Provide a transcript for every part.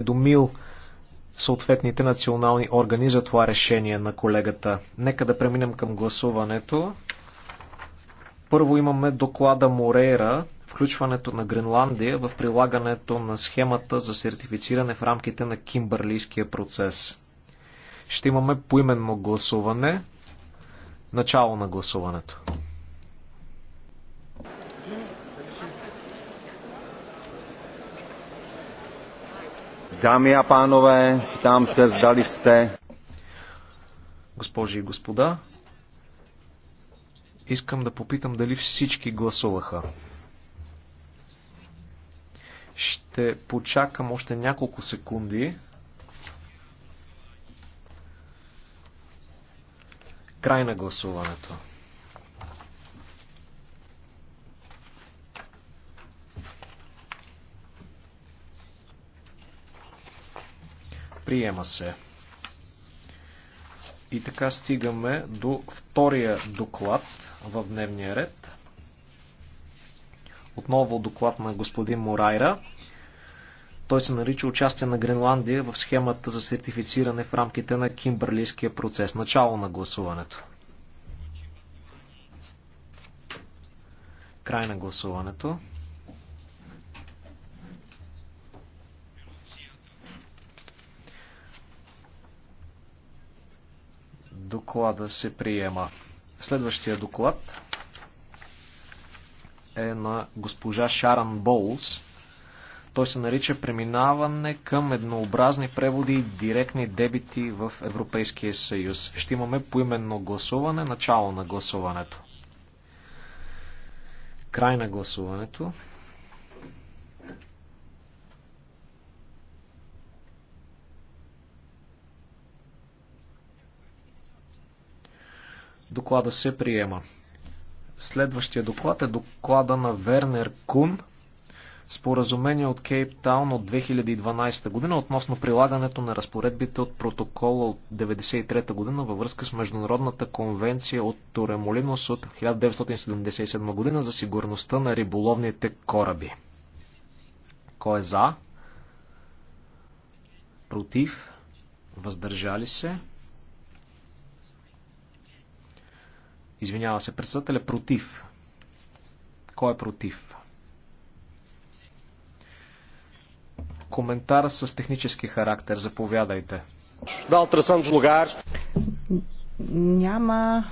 уведомил съответните национални органи за това решение на колегата. Нека да преминем към гласуването. Първо имаме доклада Морейра, включването на Гренландия в прилагането на схемата за сертифициране в рамките на кимбърлийския процес. Ще имаме поименно гласуване. Начало на гласуването. Дами, и панове, там се сдали сте. Госпожи и господа, искам да попитам дали всички гласуваха. Ще почакам още няколко секунди. Край на гласуването. Приема се. И така стигаме до втория доклад в дневния ред. Отново доклад на господин Морайра. Той се нарича участие на Гренландия в схемата за сертифициране в рамките на Кимберлийския процес. Начало на гласуването. Край на гласуването. Доклада се приема. Следващия доклад е на госпожа Шаран Боулс. Той се нарича Преминаване към еднообразни преводи и директни дебити в Европейския съюз. Ще имаме поименно гласуване, начало на гласуването. Край на гласуването. Доклада се приема. Следващия доклад е доклада на Вернер Кун. Споразумение от Кейптаун от 2012 година относно прилагането на разпоредбите от протокола от 1993 година във връзка с Международната конвенция от Торемолинос от 1977 година за сигурността на риболовните кораби. Кой е за? Против? Въздържали се? Извинява се, председателя против. Кой е против? Коментар с технически характер. Заповядайте. Няма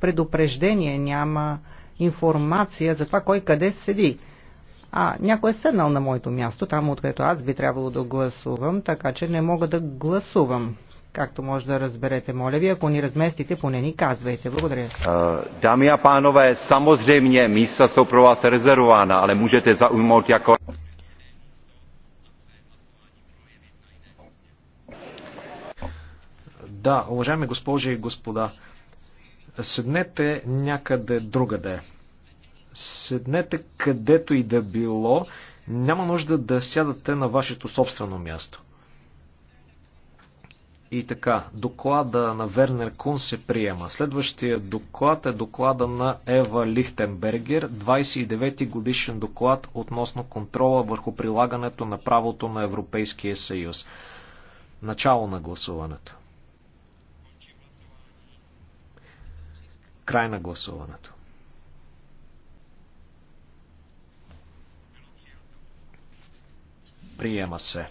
предупреждение, няма информация за това кой къде седи. А някой е седнал на моето място, там откъдето аз би трябвало да гласувам, така че не мога да гласувам. Както може да разберете, моля ви, ако ни разместите, поне ни казвайте. Благодаря. Е, дами и панове, samozřejmě místa jsou pro vás rezervována, ale můžete zaujmout jako... Да, уважаеми госпожи и господа, седнете някъде другаде. Седнете където и да било, няма нужда да сядате на вашето собствено място. И така, доклада на Вернер Кун се приема. Следващия доклад е доклада на Ева Лихтенбергер, 29-ти годишен доклад относно контрола върху прилагането на правото на Европейския съюз. Начало на гласуването. Край на гласуването. Приема се.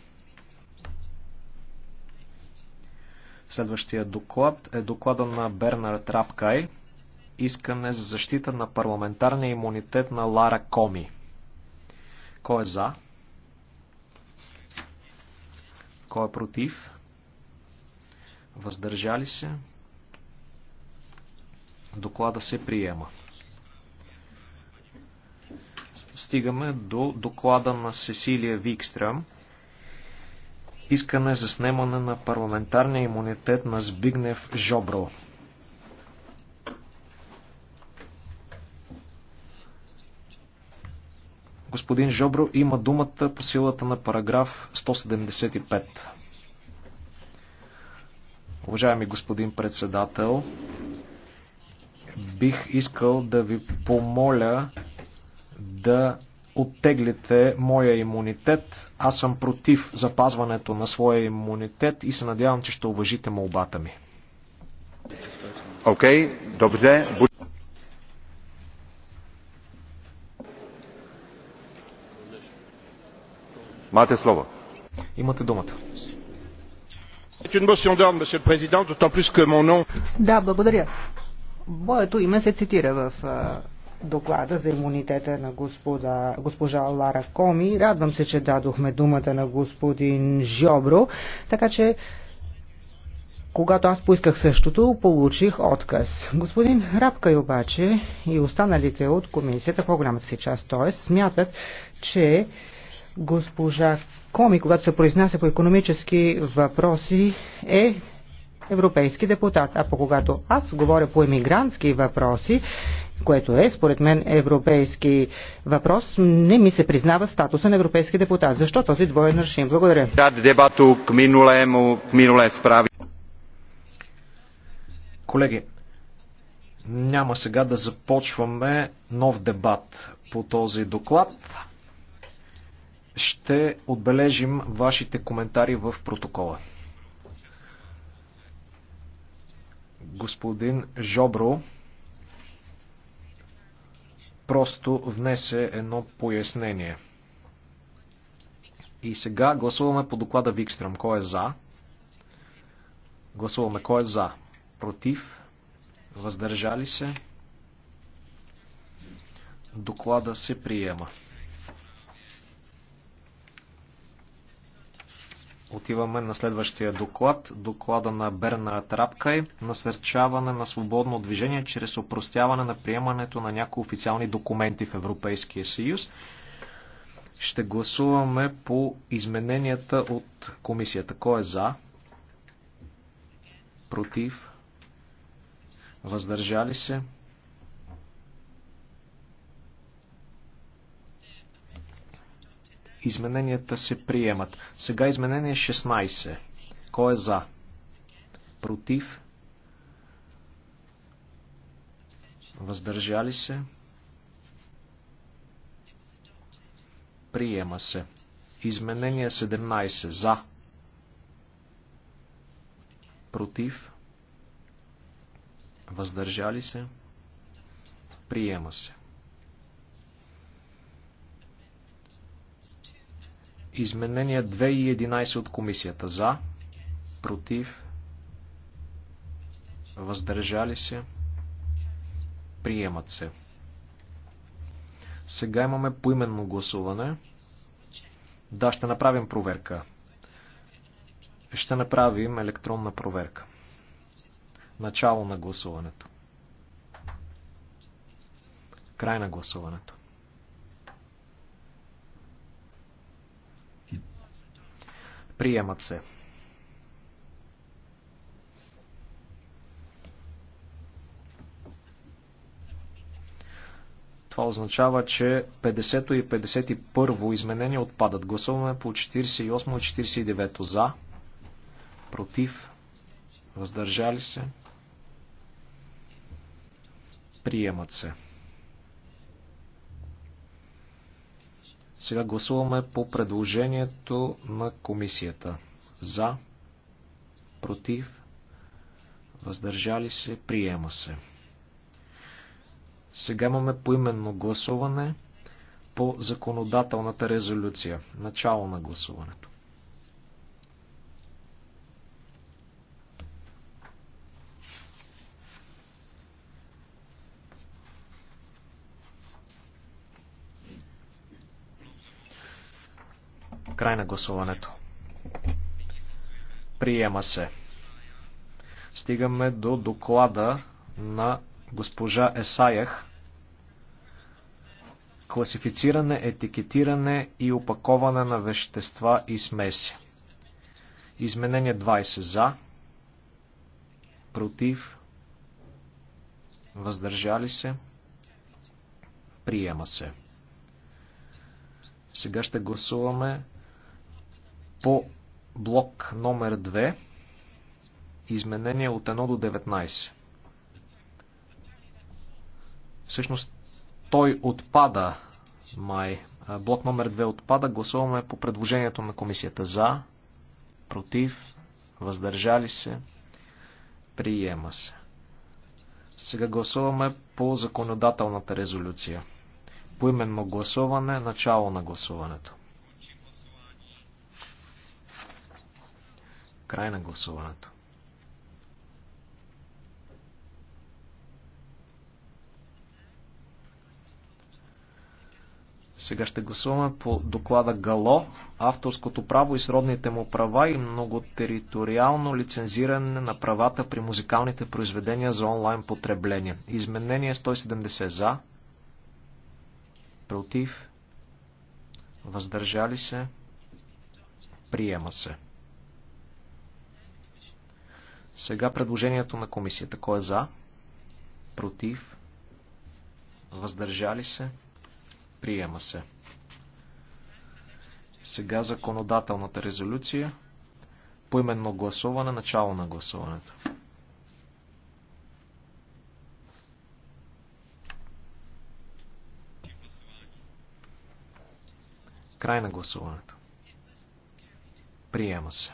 Следващия доклад е доклада на Бернард Рапкай. Искане за защита на парламентарния имунитет на Лара Коми. Кой е за? Кой е против? Въздържали се? Доклада се приема. Стигаме до доклада на Сесилия Викстрам искане за снемане на парламентарния имунитет на Збигнев Жобро. Господин Жобро има думата по силата на параграф 175. Уважаеми господин председател, бих искал да ви помоля да оттеглите моя имунитет. Аз съм против запазването на своя имунитет и се надявам, че ще уважите молбата ми. Окей, okay, добре. Мате слово. Имате думата. Да, благодаря. Моето име се цитира в доклада за имунитета на господа, госпожа Лара Коми. Радвам се, че дадохме думата на господин Жобро, така че когато аз поисках същото, получих отказ. Господин Рапкай обаче и останалите от комисията, по-голямата си част, т.е. смятат, че госпожа Коми, когато се произнася по економически въпроси, е европейски депутат. А по когато аз говоря по емигрантски въпроси, което е, според мен, европейски въпрос, не ми се признава статуса на европейски депутат. Защо този двоен решим? Благодаря. дебату к минулему, к минуле справи. Колеги, няма сега да започваме нов дебат по този доклад. Ще отбележим вашите коментари в протокола. Господин Жобро, просто внесе едно пояснение. И сега гласуваме по доклада Викстрам. Кой е за? Гласуваме кой е за. Против? Въздържали се? Доклада се приема. Отиваме на следващия доклад. Доклада на Берна Трапкай. Насърчаване на свободно движение чрез опростяване на приемането на някои официални документи в Европейския съюз. Ще гласуваме по измененията от комисията. Кой е за? Против? Въздържали се? Измененията се приемат. Сега изменение 16. Кой е за? Против? Въздържали се? Приема се. Изменение 17. За. Против. Въздържали се. Приема се. и 11 от комисията. За, против, въздържали се, приемат се. Сега имаме поименно гласуване. Да, ще направим проверка. Ще направим електронна проверка. Начало на гласуването. Край на гласуването. Приемат се. Това означава, че 50 и 51 изменение отпадат. Гласуваме по 48 и 49 за, против, въздържали се, приемат се. Сега гласуваме по предложението на комисията. За, против, въздържали се, приема се. Сега имаме поименно гласуване по законодателната резолюция. Начало на гласуването. Край на гласуването. Приема се. Стигаме до доклада на госпожа Есаях. Класифициране, етикетиране и опаковане на вещества и смеси. Изменение 20 за, против, въздържали се, приема се. Сега ще гласуваме по блок номер 2, изменения от 1 до 19. Всъщност той отпада, май. Блок номер 2 отпада. Гласуваме по предложението на комисията. За, против, въздържали се, приема се. Сега гласуваме по законодателната резолюция. Поименно гласуване, начало на гласуването. Край на гласуването. Сега ще гласуваме по доклада Гало, авторското право и сродните му права и многотериториално лицензиране на правата при музикалните произведения за онлайн потребление. Изменение 170 за, против, въздържали се, приема се. Сега предложението на комисията. Кой е за? Против? Въздържали се? Приема се. Сега законодателната резолюция. Поименно гласуване, начало на гласуването. Край на гласуването. Приема се.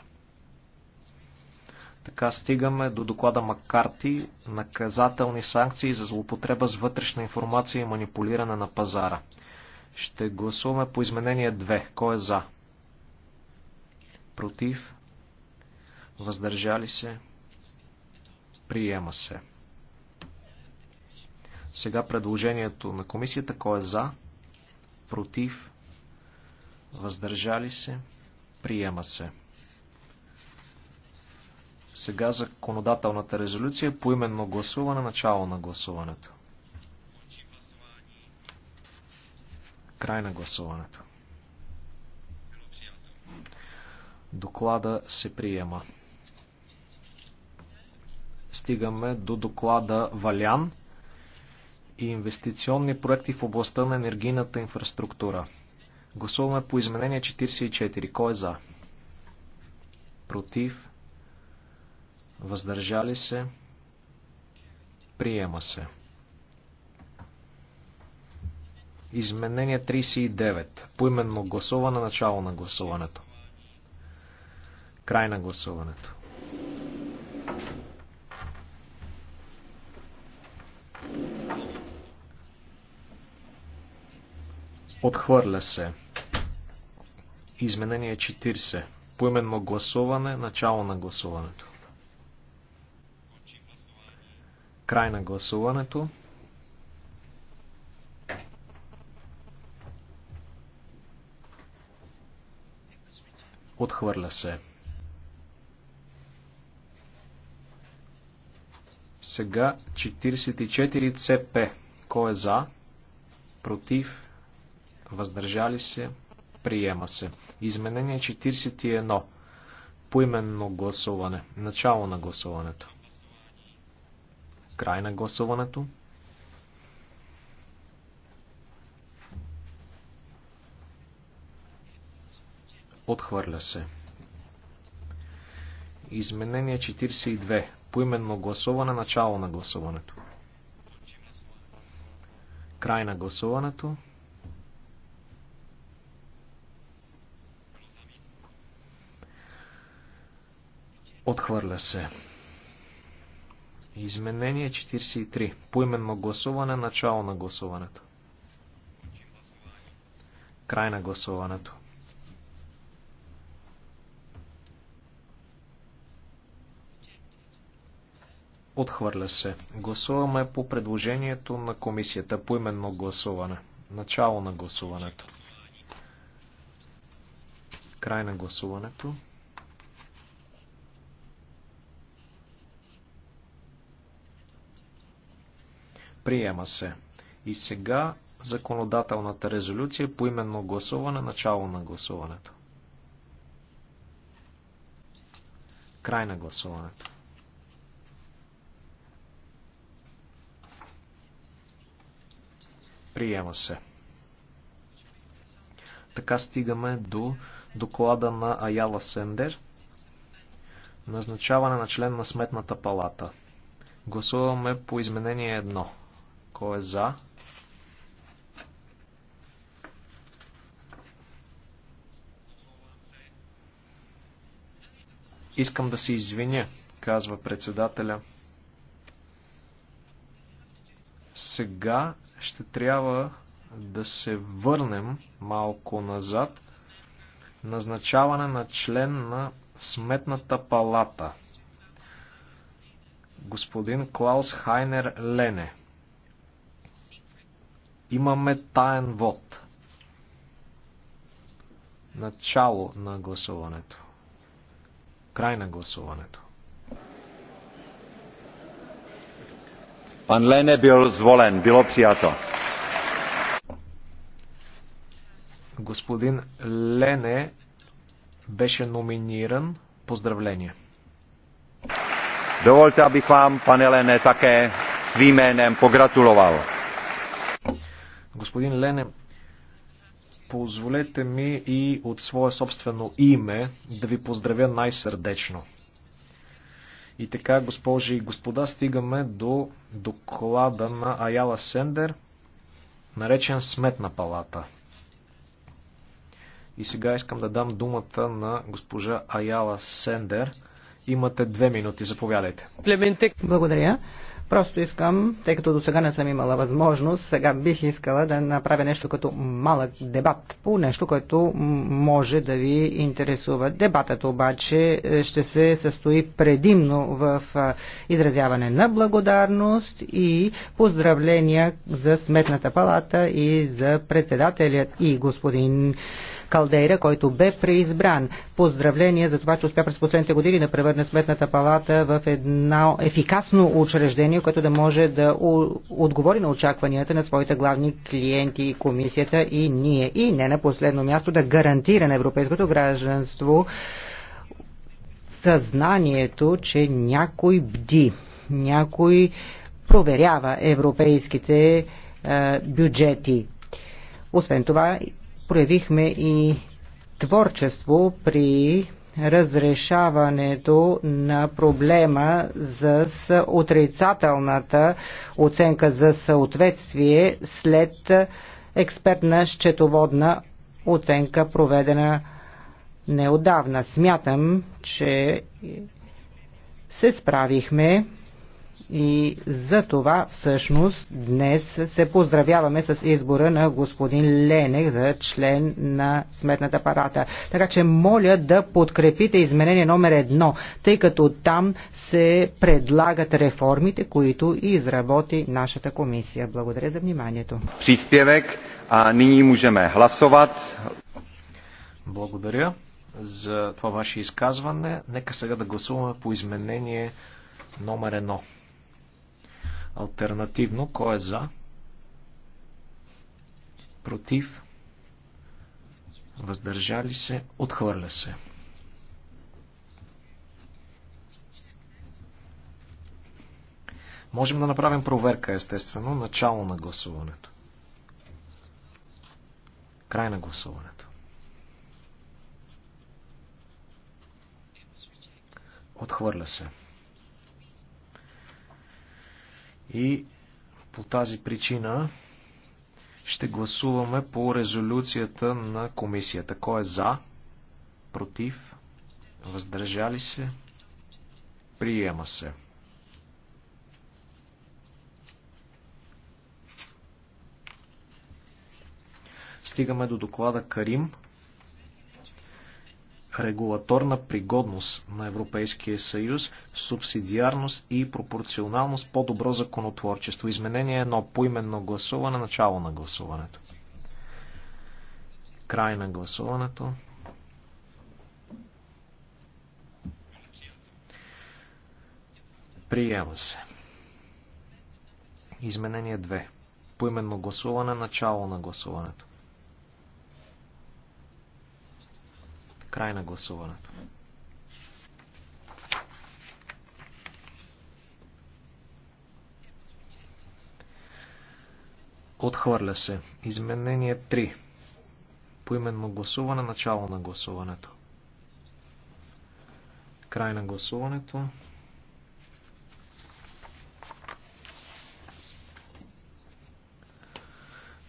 Така стигаме до доклада Маккарти наказателни санкции за злоупотреба с вътрешна информация и манипулиране на пазара. Ще гласуваме по изменение 2. Кой е за? Против? Въздържали се? Приема се. Сега предложението на комисията. Кой е за? Против? Въздържали се? Приема се. Сега законодателната резолюция по именно гласуване, начало на гласуването. Край на гласуването. Доклада се приема. Стигаме до доклада Валян и инвестиционни проекти в областта на енергийната инфраструктура. Гласуваме по изменение 44. Кой е за? Против? въздържали се, приема се. Изменение 39. Поименно гласуване, начало на гласуването. Край на гласуването. Отхвърля се. Изменение 40. Поименно гласуване, начало на гласуването. Край на гласуването. Отхвърля се. Сега 44 ЦП. Кой е за? Против? Въздържали се? Приема се. Изменение 41. Поименно гласуване. Начало на гласуването. Край на гласуването. Отхвърля се. Изменение 42. Поименно гласуване. Начало на гласуването. Край на гласуването. Отхвърля се. Изменение 43. Поименно гласуване, начало на гласуването. Край на гласуването. Отхвърля се. Гласуваме по предложението на комисията по именно гласуване. Начало на гласуването. Край на гласуването. Приема се. И сега законодателната резолюция по именно гласуване, начало на гласуването. Край на гласуването. Приема се. Така стигаме до доклада на Аяла Сендер. Назначаване на член на Сметната палата. Гласуваме по изменение 1. Кой е за? Искам да се извиня, казва председателя. Сега ще трябва да се върнем малко назад. Назначаване на член на Сметната палата. Господин Клаус Хайнер Лене. Имаме таен вод. Начало на гласуването. Край на гласуването. Пан Лене бил зволен, било přijato. Господин Лене беше номиниран. Поздравление! Dovolte, abych вам, пане Лене, také svým jménem pogratuloval. Господин Лене, позволете ми и от свое собствено име да ви поздравя най-сърдечно. И така, госпожи и господа, стигаме до доклада на Аяла Сендер, наречен Сметна палата. И сега искам да дам думата на госпожа Аяла Сендер. Имате две минути, заповядайте. Благодаря. Просто искам, тъй като до сега не съм имала възможност, сега бих искала да направя нещо като малък дебат по нещо, което може да ви интересува. Дебатът обаче е, ще се състои предимно в изразяване на благодарност и поздравления за Сметната палата и за председателят и господин Калдейра, който бе преизбран. Поздравление за това, че успя през последните години да превърне Сметната палата в едно ефикасно учреждение, което да може да отговори на очакванията на своите главни клиенти, комисията и ние. И не на последно място да гарантира на европейското гражданство съзнанието, че някой бди, някой проверява европейските е, бюджети. Освен това, проявихме и творчество при разрешаването на проблема за отрицателната оценка за съответствие след експертна счетоводна оценка, проведена неодавна. Смятам, че се справихме и за това всъщност днес се поздравяваме с избора на господин Ленек за член на Сметната парата. Така че моля да подкрепите изменение номер едно, тъй като там се предлагат реформите, които и изработи нашата комисия. Благодаря за вниманието. Приспевек, а ние можем гласоват. Благодаря за това ваше изказване. Нека сега да гласуваме по изменение номер едно. Альтернативно, кой е за? Против? Въздържали се? Отхвърля се. Можем да направим проверка, естествено, начало на гласуването. Край на гласуването. Отхвърля се. И по тази причина ще гласуваме по резолюцията на комисията. Кой е за? Против? Въздържали се? Приема се. Стигаме до доклада Карим регулаторна пригодност на Европейския съюз, субсидиарност и пропорционалност, по-добро законотворчество. Изменение едно поименно гласуване, начало на гласуването. Край на гласуването. Приема се. Изменение 2. Поименно гласуване, начало на гласуването. Край на гласуването. Отхвърля се. Изменение 3. Поименно гласуване, начало на гласуването. Край на гласуването.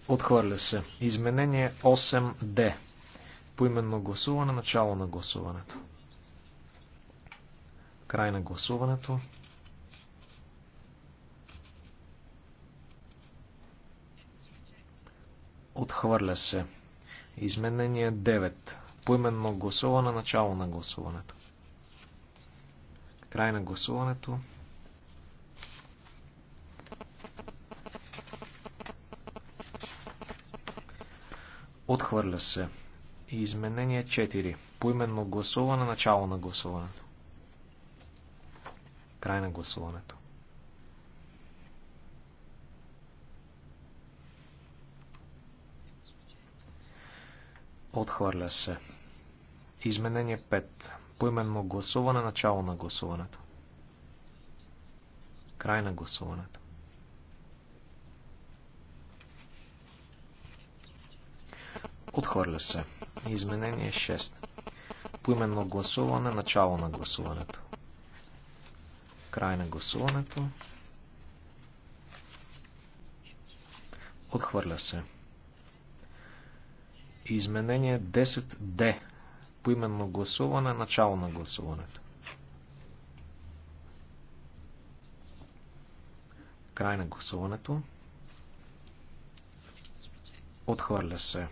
Отхвърля се. Изменение 8D поименно гласуване, начало на гласуването. Край на гласуването. Отхвърля се. Изменение 9. Поименно гласуване, начало на гласуването. Край на гласуването. Отхвърля се и изменение 4. Поименно гласуване, начало на гласуването. Край на гласуването. Отхвърля се. Изменение 5. Поименно гласуване, начало на гласуването. Край на гласуването. Отхвърля се. Изменение 6. Поименно гласуване, начало на гласуването. Край на гласуването. Отхвърля се. Изменение 10D. Поименно гласуване, начало на гласуването. Край на гласуването. Отхвърля се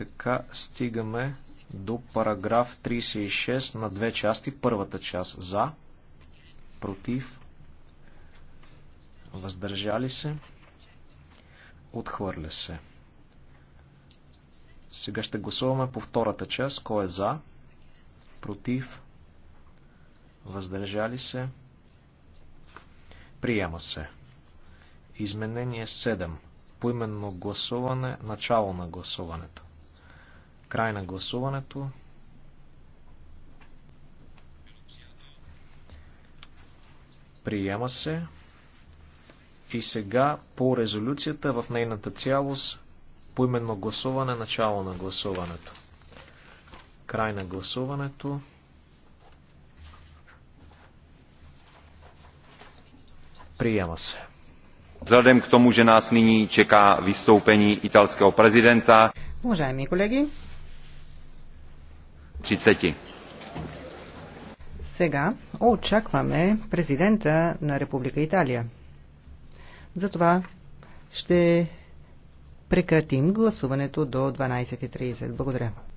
така стигаме до параграф 36 на две части. Първата част за, против, въздържали се, отхвърля се. Сега ще гласуваме по втората част. Кой е за, против, въздържали се, приема се. Изменение 7. Поименно гласуване, начало на гласуването. Край на гласуването. Приема се. И сега по резолюцията в нейната цялост по именно гласуване, начало на гласуването. Край на гласуването. Приема се. Vzhledem к тому, че нас nyní чека vystoupení italského президента. Уважаеми колеги, 30. Сега очакваме президента на Република Италия. Затова ще прекратим гласуването до 12.30. Благодаря.